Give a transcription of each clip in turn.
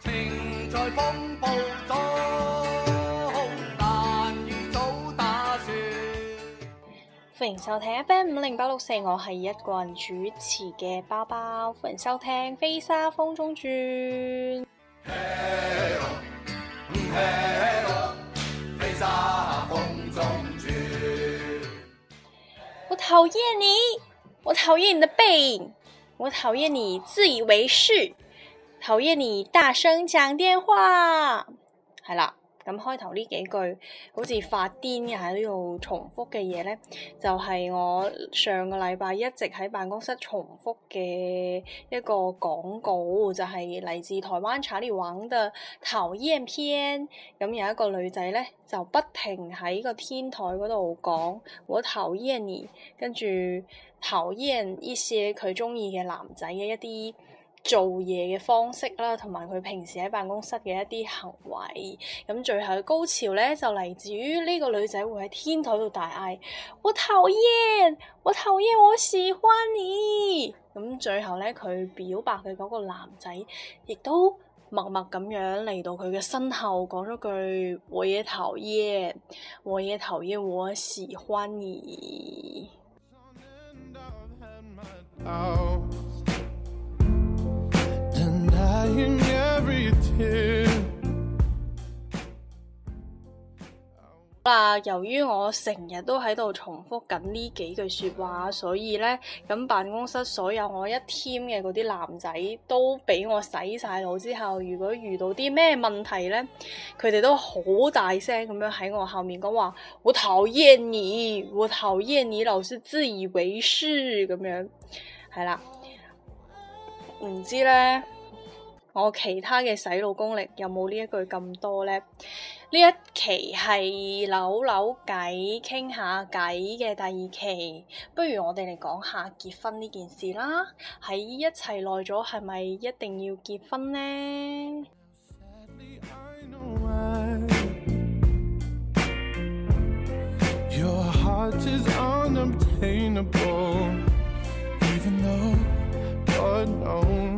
情在風暴中，打算。歡迎收聽 FM 五零八六四，我係一個人主持嘅包包。歡迎收聽《飛沙風中轉》。我討厭你，我討厭你的背影，我討厭你自以為是。討厭你大聲講電話，係啦，咁開頭呢幾句好似發癲嘅喺呢度重複嘅嘢咧，就係、是、我上個禮拜一直喺辦公室重複嘅一個廣告，就係、是、嚟自台灣查理王嘅討厭篇，咁有一個女仔咧就不停喺個天台嗰度講我討厭你，跟住討厭呢些佢中意嘅男仔嘅一啲。做嘢嘅方式啦，同埋佢平時喺辦公室嘅一啲行為，咁最後嘅高潮呢，就嚟自於呢個女仔會喺天台度大嗌：我討厭，我討厭，我喜歡你。咁最後呢，佢表白嘅嗰個男仔亦都默默咁樣嚟到佢嘅身後，講咗句：我也討厭，我也討厭，我喜歡你。 嗱，well, 由於我成日都喺度重複緊呢幾句說話，所以呢，咁辦公室所有我一 team 嘅嗰啲男仔都俾我洗晒腦之後，如果遇到啲咩問題呢，佢哋都好大聲咁樣喺我後面講話， 我討厭你，我討厭你，老是自以為是咁樣，係啦，唔知呢。我其他嘅洗腦功力有冇呢一句咁多呢？呢一期係扭扭計傾下計嘅第二期，不如我哋嚟講下結婚呢件事啦。喺一齊耐咗，係咪一定要結婚呢？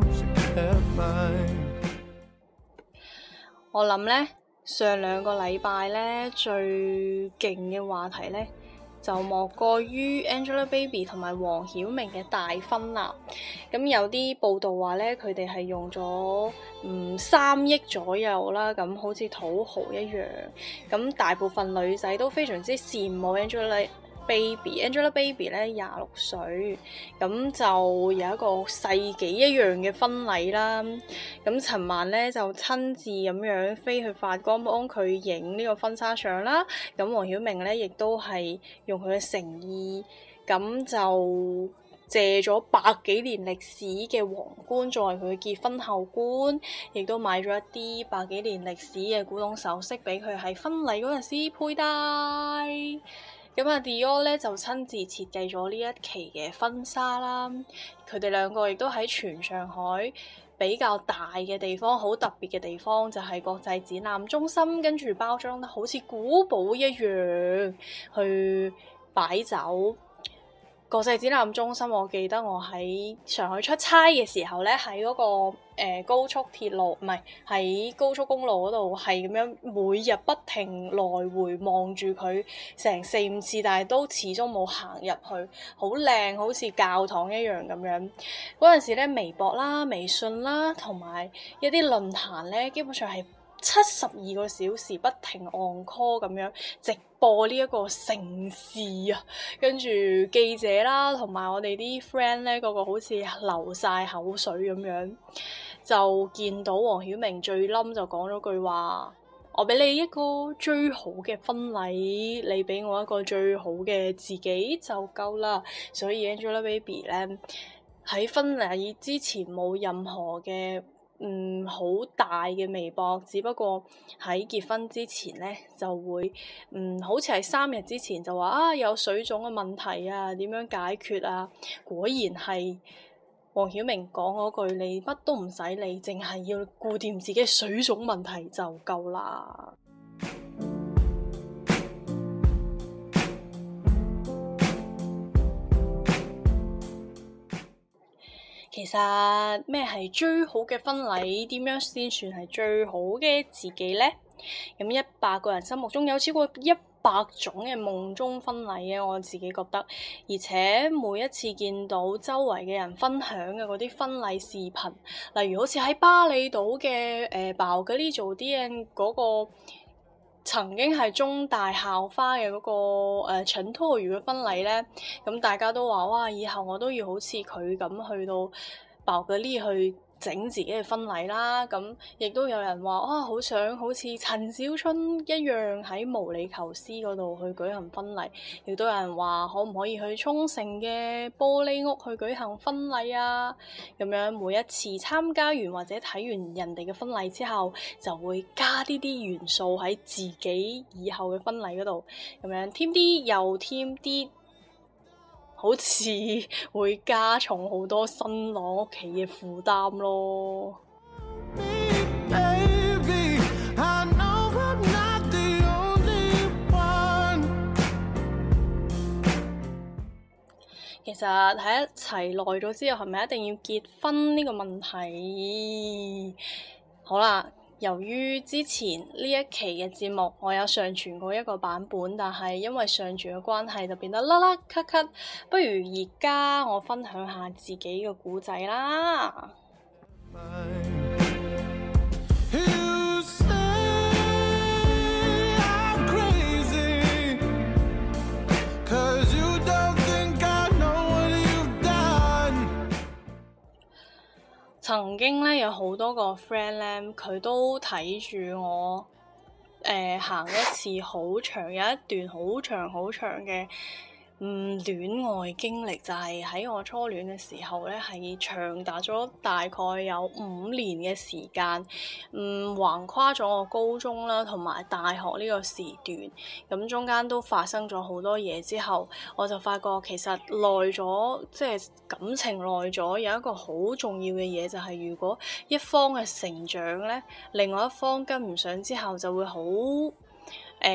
我諗呢，上兩個禮拜呢，最勁嘅話題呢，就莫過於 Angelababy 同埋黃曉明嘅大婚啦。咁有啲報道話呢，佢哋係用咗嗯三億左右啦，咁好似土豪一樣。咁大部分女仔都非常之羨慕 Angelababy。Baby，Angelababy 咧廿六歲，咁就有一個世紀一樣嘅婚禮啦。咁陳曼咧就親自咁樣飛去法國幫佢影呢個婚紗相啦。咁黃曉明咧亦都係用佢嘅誠意，咁就借咗百幾年歷史嘅皇冠作為佢結婚後冠，亦都買咗一啲百幾年歷史嘅古董首飾俾佢喺婚禮嗰陣時佩戴。咁啊，Dior 咧就親自設計咗呢一期嘅婚紗啦，佢哋兩個亦都喺全上海比較大嘅地方，好特別嘅地方就係國際展覽中心，跟住包裝得好似古堡一樣去擺酒。國際展覽中心，我記得我喺上海出差嘅時候呢喺嗰個、呃、高速鐵路唔係喺高速公路嗰度，係咁樣每日不停來回望住佢成四五次，但係都始終冇行入去，好靚，好似教堂一樣咁樣。嗰陣時呢，微博啦、微信啦，同埋一啲論壇呢，基本上係。七十二個小時不停 on call 咁樣直播呢一個盛事啊，跟住記者啦，同埋我哋啲 friend 咧，個個好似流晒口水咁樣，就見到黃曉明最冧就講咗句話：我俾你一個最好嘅婚禮，你俾我一個最好嘅自己就夠啦。所以 Angelababy 咧，喺婚禮之前冇任何嘅。嗯，好大嘅微博，只不過喺結婚之前呢，就會嗯，好似係三日之前就話啊，有水腫嘅問題啊，點樣解決啊？果然係黃曉明講嗰句，你乜都唔使理，淨係要顧掂自己水腫問題就夠啦。其實咩係最好嘅婚禮？點樣先算係最好嘅自己呢？咁一百個人心目中有超過一百種嘅夢中婚禮嘅，我自己覺得。而且每一次見到周圍嘅人分享嘅嗰啲婚禮視頻，例如好似喺巴厘島嘅誒 Bulgari 做 D N 嗰個。曾經係中大校花嘅嗰、那個誒、呃、陳滔儒嘅婚禮咧，咁、嗯、大家都話，哇！以後我都要好似佢咁去到寶格麗去。整自己嘅婚禮啦，咁亦都有人話啊，好想好似陳小春一樣喺毛里求斯嗰度去舉行婚禮。亦都有人話可唔可以去沖繩嘅玻璃屋去舉行婚禮啊？咁樣每一次參加完或者睇完人哋嘅婚禮之後，就會加啲啲元素喺自己以後嘅婚禮嗰度，咁樣添啲又添啲。好似會加重好多新郎屋企嘅負擔咯。其實喺一齊耐咗之後，係咪一定要結婚呢個問題？好啦。由於之前呢一期嘅節目，我有上傳過一個版本，但係因為上傳嘅關係就變得甩甩咳咳，不如而家我分享下自己嘅故仔啦。曾經咧，有好多個 friend 咧，佢都睇住我誒行、呃、一次好長有一段好長好長嘅。嗯，戀愛經歷就係、是、喺我初戀嘅時候呢，係長達咗大概有五年嘅時間。嗯，橫跨咗我高中啦，同埋大學呢個時段，咁中間都發生咗好多嘢之後，我就發覺其實耐咗，即、就、係、是、感情耐咗，有一個好重要嘅嘢就係、是、如果一方嘅成長呢，另外一方跟唔上之後就會好誒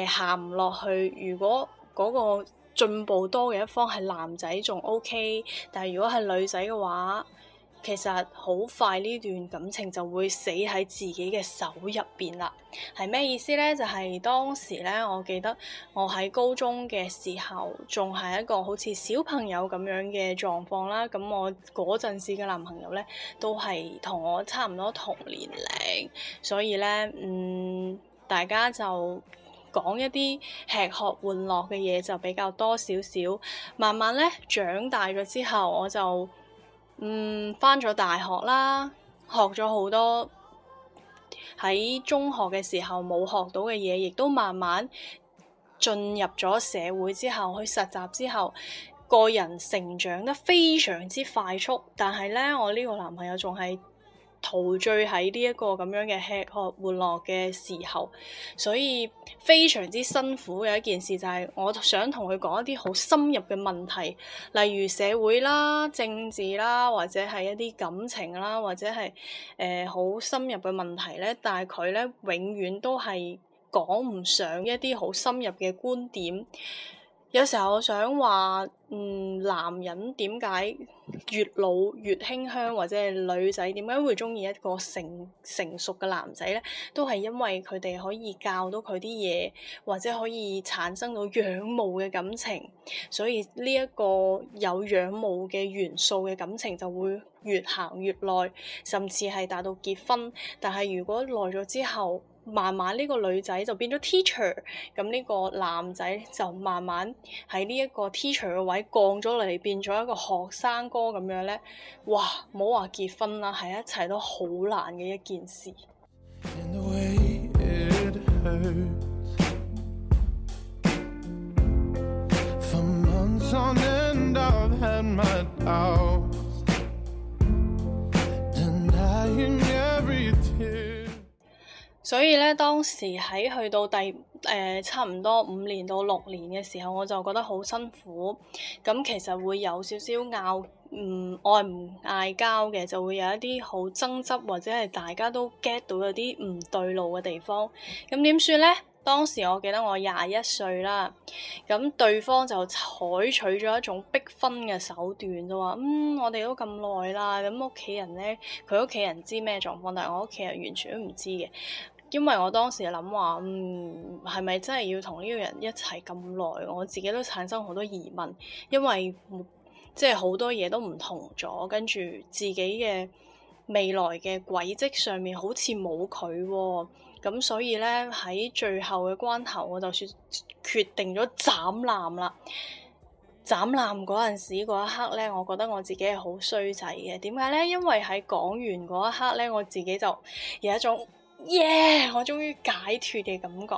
行唔落去。如果嗰、那個進步多嘅一方係男仔仲 OK，但係如果係女仔嘅話，其實好快呢段感情就會死喺自己嘅手入邊啦。係咩意思呢？就係當時呢，我記得我喺高中嘅時候，仲係一個好似小朋友咁樣嘅狀況啦。咁我嗰陣時嘅男朋友呢，都係同我差唔多同年齡，所以呢，嗯，大家就，講一啲吃喝玩樂嘅嘢就比較多少少，慢慢咧長大咗之後，我就嗯翻咗大學啦，學咗好多喺中學嘅時候冇學到嘅嘢，亦都慢慢進入咗社會之後去實習之後，個人成長得非常之快速，但係咧我呢個男朋友仲係。陶醉喺呢一個咁樣嘅吃喝玩樂嘅時候，所以非常之辛苦。有一件事就係，我想同佢講一啲好深入嘅問題，例如社會啦、政治啦，或者係一啲感情啦，或者係誒好深入嘅問題咧。但係佢咧永遠都係講唔上一啲好深入嘅觀點。有時候我想話，嗯，男人點解越老越馨香，或者係女仔點解會鍾意一個成成熟嘅男仔咧？都係因為佢哋可以教到佢啲嘢，或者可以產生到仰慕嘅感情，所以呢一個有仰慕嘅元素嘅感情就會越行越耐，甚至係達到結婚。但係如果耐咗之後，慢慢呢個女仔就變咗 teacher，咁呢個男仔就慢慢喺呢一個 teacher 嘅位降咗嚟，變咗一個學生哥咁樣咧，哇！唔好話結婚啦，喺一齊都好難嘅一件事。所以咧，當時喺去到第誒、呃、差唔多五年到六年嘅時候，我就覺得好辛苦。咁、嗯、其實會有少少拗，嗯，我係唔嗌交嘅，就會有一啲好爭執，或者係大家都 get 到有啲唔對路嘅地方。咁點算咧？當時我記得我廿一歲啦。咁對方就採取咗一種逼婚嘅手段，就話：嗯，我哋都咁耐啦。咁屋企人咧，佢屋企人知咩狀況，但係我屋企人完全都唔知嘅。因為我當時諗話，嗯，係咪真係要同呢個人一齊咁耐？我自己都產生好多疑問，因為即係好多嘢都唔同咗，跟住自己嘅未來嘅軌跡上面好似冇佢咁，所以咧喺最後嘅關頭，我就説決定咗斬纜啦。斬纜嗰陣時，嗰一刻咧，我覺得我自己係好衰仔嘅。點解咧？因為喺講完嗰一刻咧，我自己就有一種。耶！Yeah, 我終於解脱嘅感覺，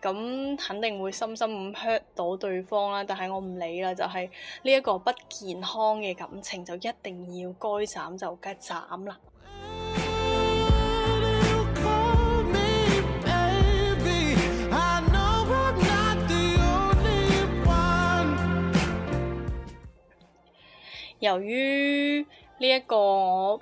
咁肯定會深深咁 hurt 到對方啦。但係我唔理啦，就係呢一個不健康嘅感情，就一定要該斬就該斬啦。 由於呢、這、一個。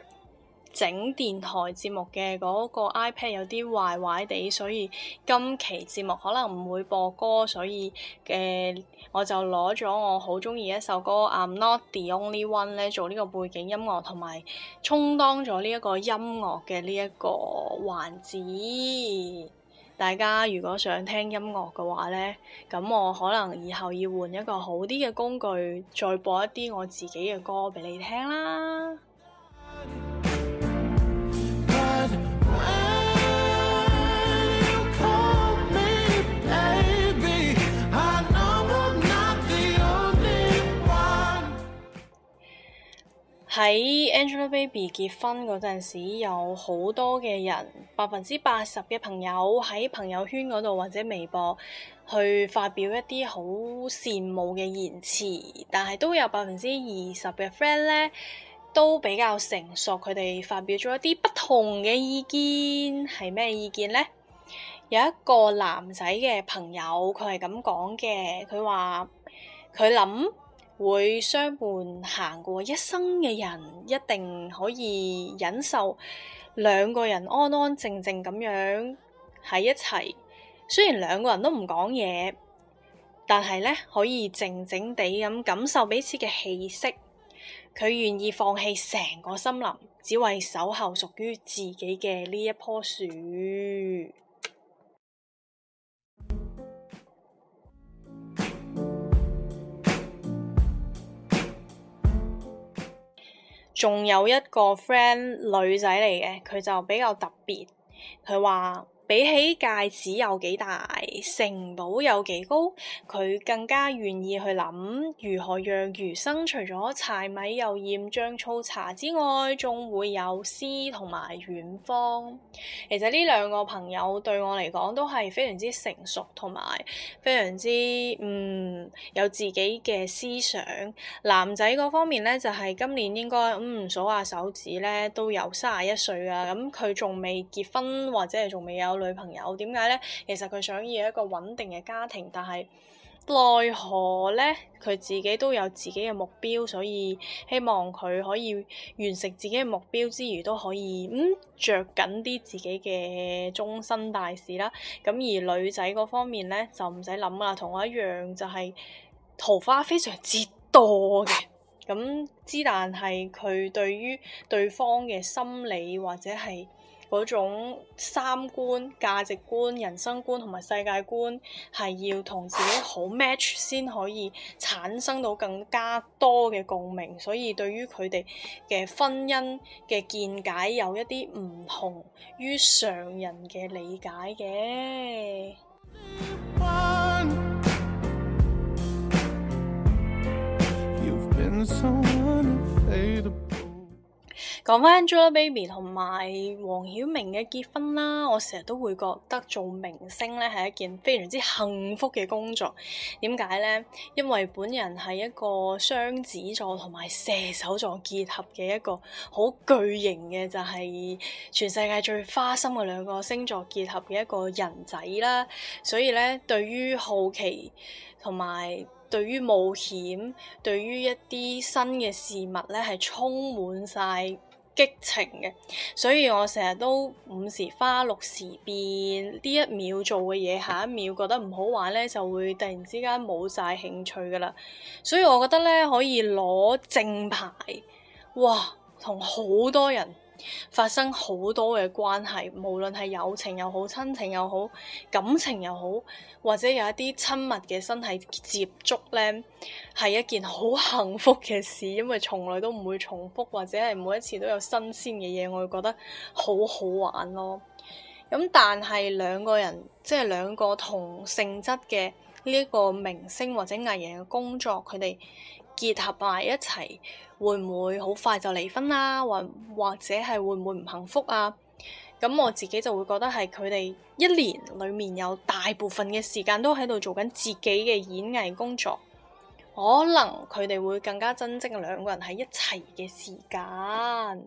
整電台節目嘅嗰個 iPad 有啲壞壞地，所以今期節目可能唔會播歌，所以嘅、呃、我就攞咗我好中意一首歌《I'm Not The Only One》咧做呢個背景音樂，同埋充當咗呢一個音樂嘅呢一個環節。大家如果想聽音樂嘅話咧，咁我可能以後要換一個好啲嘅工具，再播一啲我自己嘅歌俾你聽啦。喺 Angelababy 結婚嗰陣時，有好多嘅人，百分之八十嘅朋友喺朋友圈嗰度或者微博去發表一啲好羨慕嘅言辭，但係都有百分之二十嘅 friend 咧，都比較成熟，佢哋發表咗一啲不同嘅意見，係咩意見咧？有一個男仔嘅朋友，佢係咁講嘅，佢話佢諗。會相伴行過一生嘅人，一定可以忍受兩個人安安靜靜咁樣喺一齊。雖然兩個人都唔講嘢，但係咧可以靜靜地咁感受彼此嘅氣息。佢願意放棄成個森林，只為守候屬於自己嘅呢一棵樹。仲有一個 friend 女仔嚟嘅，佢就比較特別，佢話，比起戒指有幾大，城堡有幾高，佢更加願意去諗如何讓餘生除咗柴米油鹽醬醋茶之外，仲會有詩同埋遠方。其實呢兩個朋友對我嚟講都係非常之成熟同埋非常之嗯，有自己嘅思想。男仔嗰方面咧，就係、是、今年應該咁數、嗯、下手指咧，都有三十一歲啦。咁佢仲未結婚或者係仲未有。女朋友點解咧？其實佢想要一個穩定嘅家庭，但係奈何咧，佢自己都有自己嘅目標，所以希望佢可以完成自己嘅目標之餘，都可以嗯，着緊啲自己嘅終身大事啦。咁而女仔嗰方面咧，就唔使諗啦，同我一樣就係桃花非常之多嘅。咁之，但係佢對於對方嘅心理或者係。嗰種三觀、價值觀、人生觀同埋世界觀係要同自己好 match 先可以產生到更加多嘅共鳴，所以對於佢哋嘅婚姻嘅見解有一啲唔同於常人嘅理解嘅。 講返 Angelababy 同埋黃曉明嘅結婚啦，我成日都會覺得做明星咧係一件非常之幸福嘅工作。點解咧？因為本人係一個雙子座同埋射手座結合嘅一個好巨型嘅，就係全世界最花心嘅兩個星座結合嘅一個人仔啦。所以咧，對於好奇同埋對於冒險，對於一啲新嘅事物咧，係充滿晒。激情嘅，所以我成日都五時花六時變，呢一秒做嘅嘢，下一秒覺得唔好玩咧，就會突然之間冇晒興趣噶啦，所以我覺得咧可以攞正牌，哇，同好多人。發生好多嘅關係，無論係友情又好、親情又好、感情又好，或者有一啲親密嘅身體接觸呢，係一件好幸福嘅事，因為從來都唔會重複，或者係每一次都有新鮮嘅嘢，我會覺得好好玩咯。咁但係，兩個人，即係兩個同性質嘅呢一個明星或者藝人嘅工作，佢哋結合埋一齊。會唔會好快就離婚啦、啊，或或者係會唔會唔幸福啊？咁我自己就會覺得係佢哋一年裏面有大部分嘅時間都喺度做緊自己嘅演藝工作，可能佢哋會更加珍惜兩個人喺一齊嘅時間。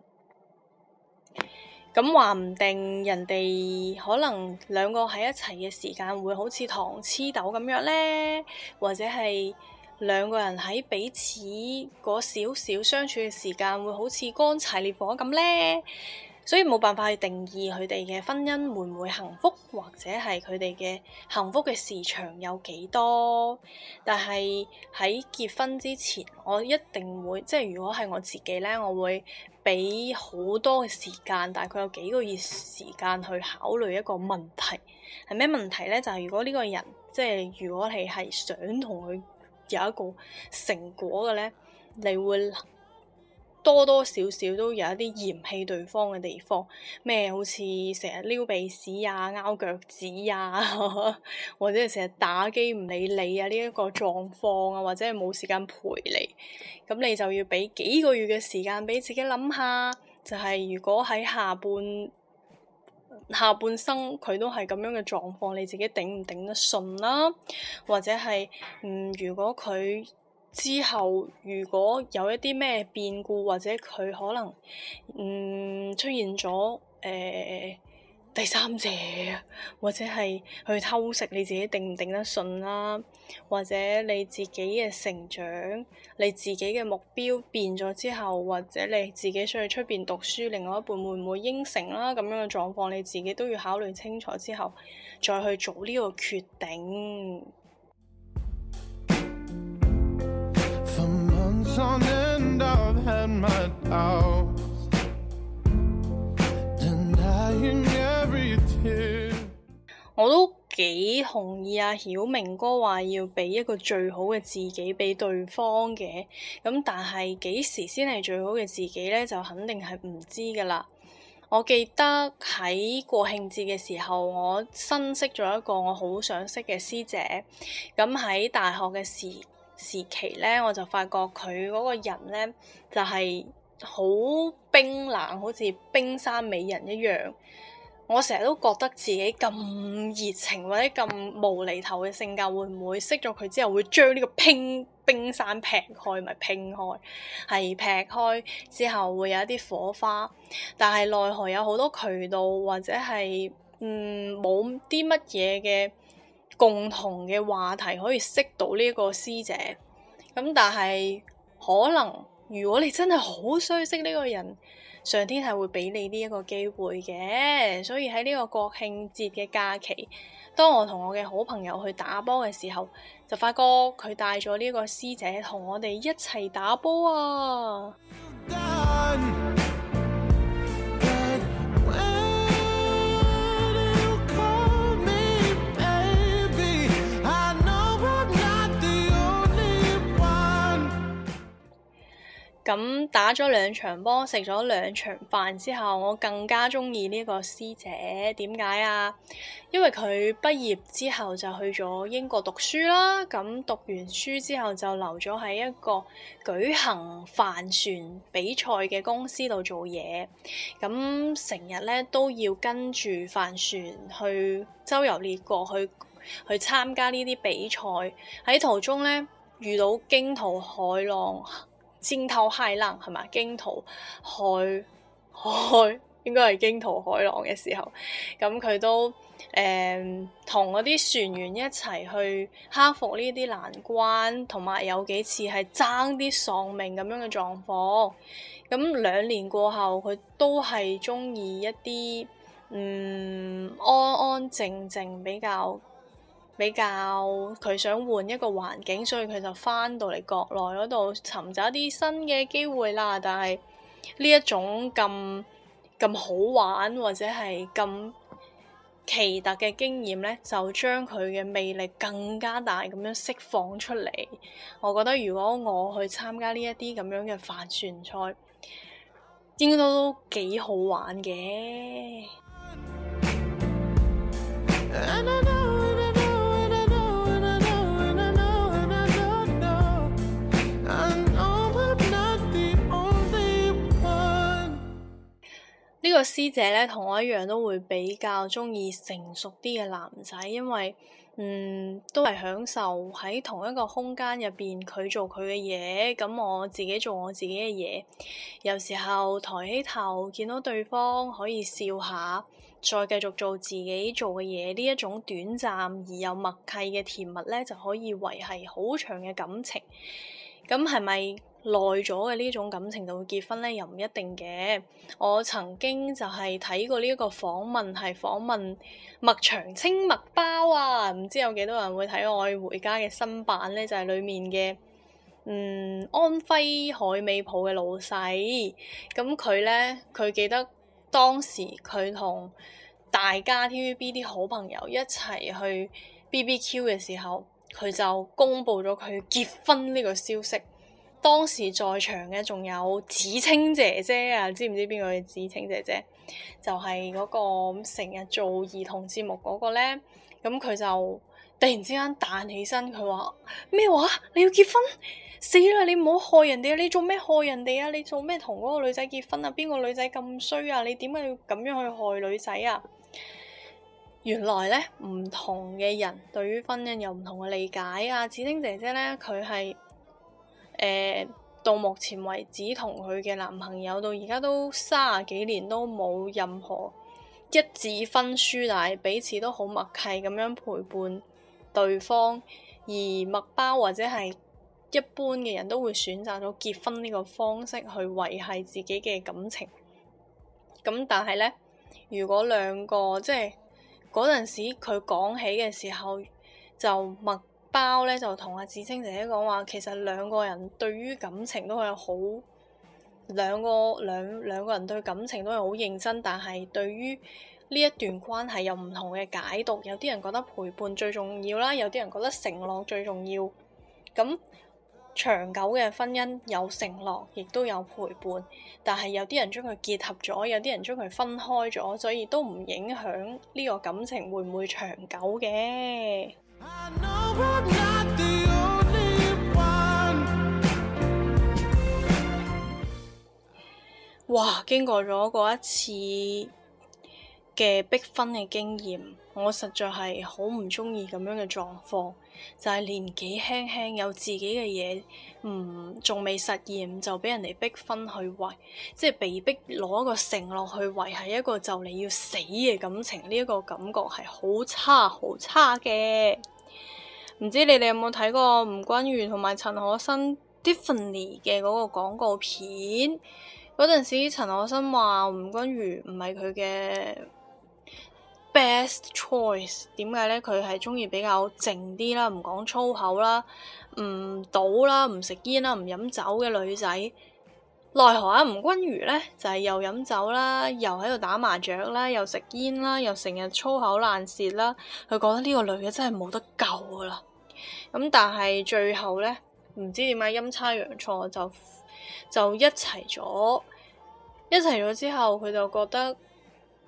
咁話唔定人哋可能兩個喺一齊嘅時間會好似糖黐豆咁樣咧，或者係。兩個人喺彼此嗰少少相處嘅時間，會好似乾柴烈火咁咧，所以冇辦法去定義佢哋嘅婚姻會唔會幸福，或者係佢哋嘅幸福嘅時長有幾多。但係喺結婚之前，我一定會，即係如果係我自己咧，我會俾好多嘅時間，大概有幾個月時間去考慮一個問題。係咩問題咧？就係如果呢個人，即係如果係係想同佢。有一個成果嘅咧，你會多多少少都有一啲嫌棄對方嘅地方，咩好似成日撩鼻屎啊、拗腳趾啊，呵呵或者係成日打機唔理你啊呢一個狀況啊，或者係冇時間陪你，咁你就要畀幾個月嘅時間畀自己諗下，就係如果喺下半。下半生佢都係咁樣嘅狀況，你自己頂唔頂得順啦、啊？或者係嗯，如果佢之後如果有一啲咩變故，或者佢可能嗯出現咗誒。呃第三者，或者係去偷食，你自己定唔定得順啦？或者你自己嘅成長，你自己嘅目標變咗之後，或者你自己想去出邊讀書，另外一半會唔會應承啦？咁樣嘅狀況，你自己都要考慮清楚之後，再去做呢個決定。 我都幾同意阿、啊、曉明哥話要俾一個最好嘅自己俾對方嘅，咁但係幾時先係最好嘅自己呢？就肯定係唔知噶啦。我記得喺國慶節嘅時候，我新識咗一個我好想識嘅師姐，咁喺大學嘅時時期呢，我就發覺佢嗰個人呢，就係、是。好冰冷，好似冰山美人一樣，我成日都覺得自己咁熱情或者咁無厘頭嘅性格，會唔會識咗佢之後會將呢個冰，冰山劈開咪劈開，係劈開之後會有一啲火花，但係奈何有好多渠道或者係嗯冇啲乜嘢嘅共同嘅話題可以識到呢個師姐。咁但係可能。如果你真係好需要識呢個人，上天係會俾你呢一個機會嘅。所以喺呢個國慶節嘅假期，當我同我嘅好朋友去打波嘅時候，就發覺佢帶咗呢個師姐同我哋一齊打波啊！咁打咗兩場波，食咗兩場飯之後，我更加中意呢個師姐。點解啊？因為佢畢業之後就去咗英國讀書啦。咁讀完書之後就留咗喺一個舉行帆船比賽嘅公司度做嘢。咁成日咧都要跟住帆船去周遊列國去，去去參加呢啲比賽。喺途中咧遇到驚濤海浪。驚濤駭浪係嘛？驚濤海海，應該係驚濤駭浪嘅時候，咁佢都誒同嗰啲船員一齊去克服呢啲難關，同埋有幾次係爭啲喪命咁樣嘅狀況。咁兩年過後，佢都係鍾意一啲嗯安安靜靜比較。比較，佢想換一個環境，所以佢就翻到嚟國內嗰度尋找一啲新嘅機會啦。但係呢一種咁咁好玩，或者係咁奇特嘅經驗呢，就將佢嘅魅力更加大咁樣釋放出嚟。我覺得如果我去參加呢一啲咁樣嘅帆船賽，應該都幾好玩嘅。No, no, no. 呢個師姐咧，同我一樣都會比較鍾意成熟啲嘅男仔，因為嗯都係享受喺同一個空間入邊，佢做佢嘅嘢，咁我自己做我自己嘅嘢。有時候抬起頭見到對方可以笑下，再繼續做自己做嘅嘢，呢一種短暫而又默契嘅甜蜜咧，就可以維繫好長嘅感情。咁係咪？耐咗嘅呢種感情就會結婚咧，又唔一定嘅。我曾經就係睇過呢一個訪問，係訪問麥長青麥包啊，唔知有幾多人會睇《愛回家》嘅新版咧？就係裏面嘅嗯安徽海味鋪嘅老細，咁，佢咧佢記得當時佢同大家 T V B 啲好朋友一齊去 B B Q 嘅時候，佢就公布咗佢結婚呢個消息。當時在場嘅仲有紫青姐姐啊，知唔知邊個嘅紫青姐姐？就係嗰個成日做兒童節目嗰個呢。咁佢就突然之間彈起身，佢話咩話？你要結婚？死啦！你唔好害人哋啊！你做咩害人哋啊？你做咩同嗰個女仔結婚啊？邊個女仔咁衰啊？你點解要咁樣去害女仔啊？原來呢，唔同嘅人對於婚姻有唔同嘅理解。阿紫青姐姐呢，佢係。誒到目前為止，同佢嘅男朋友到而家都卅幾年都冇任何一紙婚書，但係彼此都好默契咁樣陪伴對方。而麥包或者係一般嘅人都會選擇咗結婚呢個方式去維繫自己嘅感情。咁但係呢，如果兩個即係嗰陣時佢講起嘅時候就默。包咧，就同阿志青姐姐講話，其實兩個人對於感情都係好，兩個兩兩個人對感情都係好認真，但係對於呢一段關係有唔同嘅解讀，有啲人覺得陪伴最重要啦，有啲人覺得承諾最重要，咁。長久嘅婚姻有承諾，亦都有陪伴，但係有啲人將佢結合咗，有啲人將佢分開咗，所以都唔影響呢個感情會唔會長久嘅。哇！經過咗嗰一次。嘅逼婚嘅經驗，我實在係好唔中意咁樣嘅狀況。就係、是、年紀輕輕有自己嘅嘢，唔仲未實現就俾人哋逼婚去圍，即係被逼攞一個承諾去維繫一個就嚟要死嘅感情。呢、這、一個感覺係好差好差嘅。唔知你哋有冇睇過吳君如同埋陳可辛 Daphne 嘅嗰個廣告片？嗰陣時陳可辛話吳君如唔係佢嘅。Best choice，點解呢？佢係中意比較靜啲啦，唔講粗口啦，唔賭啦，唔食煙啦，唔飲酒嘅女仔。奈何阿吳君如呢，就係又飲酒啦，又喺度打麻雀啦，又食煙啦，又成日粗口爛舌啦。佢覺得呢個女嘅真係冇得救噶啦。咁、嗯、但係最後呢，唔知點解陰差陽錯就就一齊咗，一齊咗之後佢就覺得。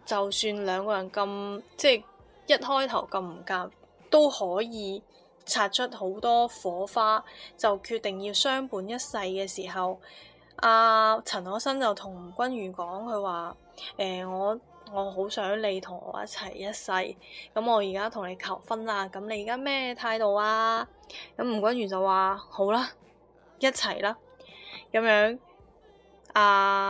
就算兩個人咁即係一開頭咁唔夾，都可以擦出好多火花。就決定要相伴一世嘅時候，阿陳可辛就同吳君如講，佢話：誒，我我好想你同我一齊一世，咁我而家同你求婚啦，咁你而家咩態度啊？咁吳君如就話：好啦，一齊啦，咁樣。阿、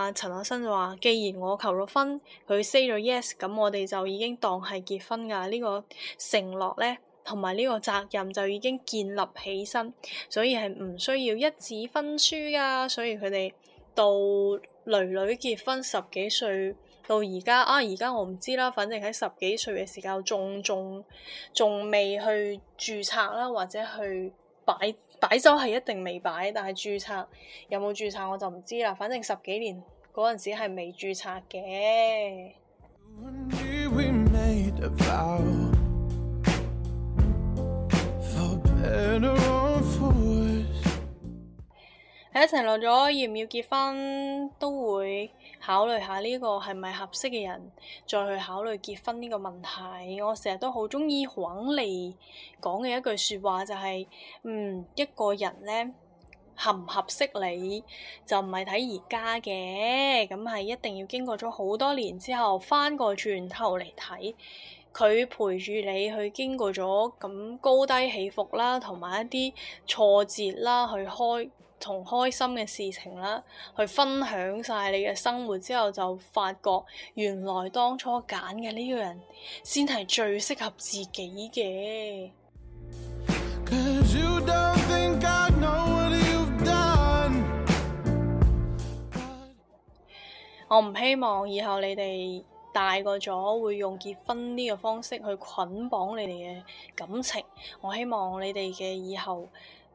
啊、陳亞生就話，既然我求咗婚，佢 say 咗 yes，咁我哋就已經當係結婚㗎。呢、呢個承諾咧，同埋呢個責任就已經建立起身，所以係唔需要一紙婚書㗎。所以佢哋到囡囡結婚十幾歲，到而家啊，而家我唔知啦。反正喺十幾歲嘅時候，仲仲仲未去註冊啦，或者去。擺擺酒係一定未擺，但係註冊有冇註冊我就唔知啦。反正十幾年嗰陣時係未註冊嘅。喺 一齊落咗，要唔要結婚都會？考慮下呢個係咪合適嘅人，再去考慮結婚呢個問題。我成日都好鍾意響嚟講嘅一句説話，就係、是：嗯，一個人咧合唔合適你就唔係睇而家嘅，咁係一定要經過咗好多年之後，翻個轉頭嚟睇佢陪住你去經過咗咁高低起伏啦，同埋一啲挫折啦，去開。同開心嘅事情啦，去分享晒你嘅生活之後，就發覺原來當初揀嘅呢個人先係最適合自己嘅。Done, 我唔希望以後你哋大個咗會用結婚呢個方式去捆綁你哋嘅感情。我希望你哋嘅以後。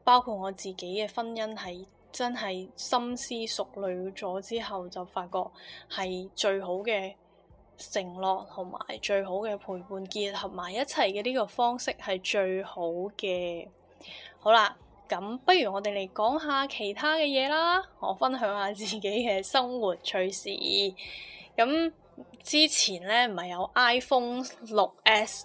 包括我自己嘅婚姻，係真係深思熟慮咗之後，就發覺係最好嘅承諾同埋最好嘅陪伴結合埋一齊嘅呢個方式係最好嘅。好啦，咁不如我哋嚟講下其他嘅嘢啦，我分享下自己嘅生活趣事。咁之前呢，唔係有 iPhone 6S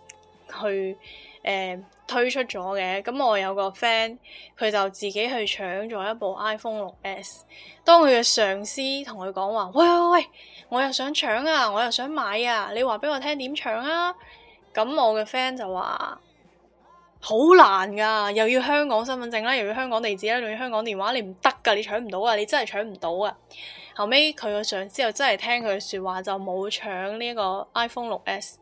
去。誒、呃，推出咗嘅，咁我有個 friend，佢就自己去搶咗一部 iPhone 六 S。當佢嘅上司同佢講話：喂喂喂，我又想搶啊，我又想買啊，你話畀我聽點搶啊？咁我嘅 friend 就話：好難噶，又要香港身份證啦，又要香港地址啦，又要香港電話，你唔得噶，你搶唔到啊，你真係搶唔到啊！後尾佢個上司又真係聽佢嘅說話，就冇搶個 S，呢個 iPhone 六 S。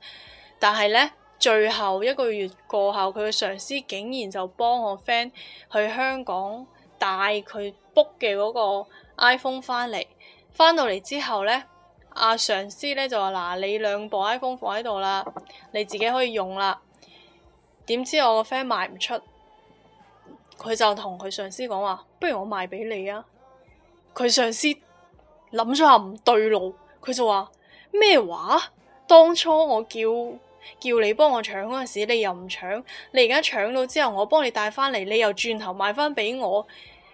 但係咧。最後一個月過後，佢嘅上司竟然就幫我 friend 去香港帶佢 book 嘅嗰個 iPhone 翻嚟。翻到嚟之後呢，阿、啊、上司呢就話：嗱、啊，你兩部 iPhone 放喺度啦，你自己可以用啦。點知我個 friend 賣唔出，佢就同佢上司講話：不如我賣俾你啊！佢上司諗咗下唔對路，佢就話：咩話？當初我叫。叫你幫我搶嗰陣時，你又唔搶。你而家搶到之後，我幫你帶翻嚟，你又轉頭賣翻畀我。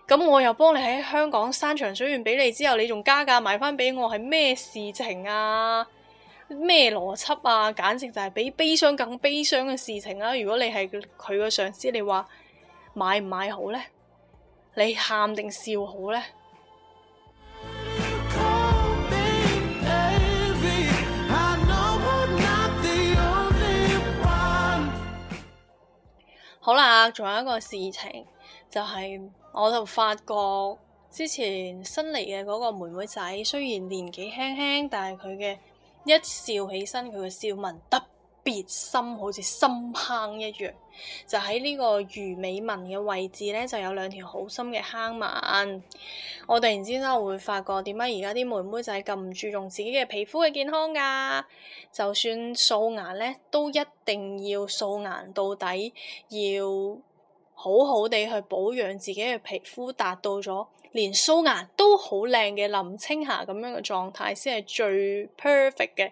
咁我又幫你喺香港山長水遠畀你之後，你仲加價賣翻畀我，係咩事情啊？咩邏輯啊？簡直就係比悲傷更悲傷嘅事情啦、啊！如果你係佢嘅上司，你話買唔買好呢？你喊定笑好呢？好啦，仲有一個事情，就係、是、我就發覺之前新嚟嘅嗰個妹妹仔，雖然年紀輕輕，但係佢嘅一笑起身，佢嘅笑紋突。別心好似深坑一樣，就喺呢個魚尾紋嘅位置咧，就有兩條好深嘅坑紋。我突然之間會發覺，點解而家啲妹妹仔咁唔注重自己嘅皮膚嘅健康㗎？就算素顏咧，都一定要素顏到底，要好好地去保養自己嘅皮膚，達到咗。連素顏都好靚嘅林青霞咁樣嘅狀態先係最 perfect 嘅，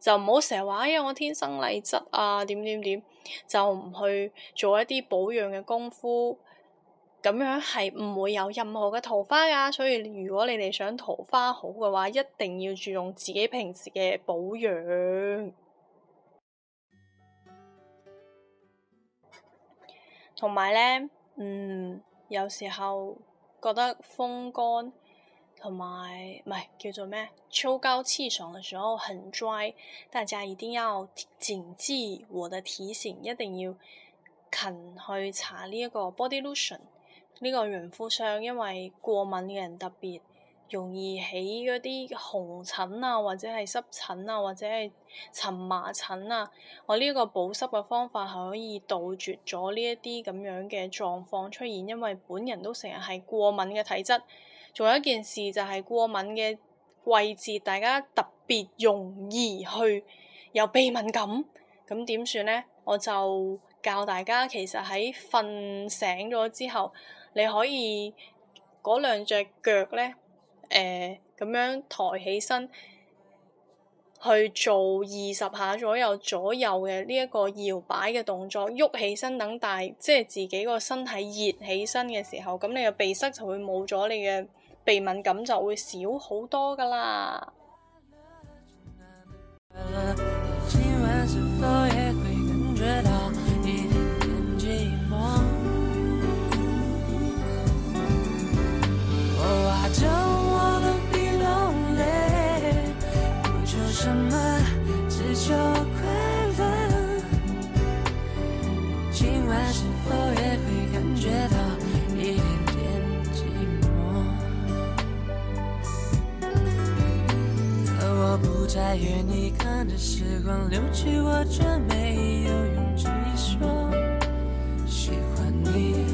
就唔好成日話，因、哎、為我天生麗質啊點點點，就唔去做一啲保養嘅功夫，咁樣係唔會有任何嘅桃花噶。所以如果你哋想桃花好嘅話，一定要注重自己平時嘅保養。同埋咧，嗯，有時候。覺得風乾同埋唔係叫做咩？秋高氣爽嘅時候很 dry，大家一定要謹記我的提示，一定要勤去擦呢一個 body lotion 呢個潤膚霜，因為過敏嘅人特別。容易起嗰啲紅疹啊，或者係濕疹啊，或者係蕁麻疹啊。我呢個保濕嘅方法係可以杜絕咗呢一啲咁樣嘅狀況出現，因為本人都成日係過敏嘅體質。仲有一件事就係過敏嘅季節，大家特別容易去有鼻敏感。咁點算呢？我就教大家，其實喺瞓醒咗之後，你可以嗰兩隻腳咧。誒，咁、呃、樣抬起身去做二十下左右左右嘅呢一個搖擺嘅動作，喐起身等，大，即係自己個身體熱起身嘅時候，咁你嘅鼻塞就會冇咗，你嘅鼻敏感就會少好多噶啦。在約你看着時光流去，我卻沒有勇氣說喜歡你。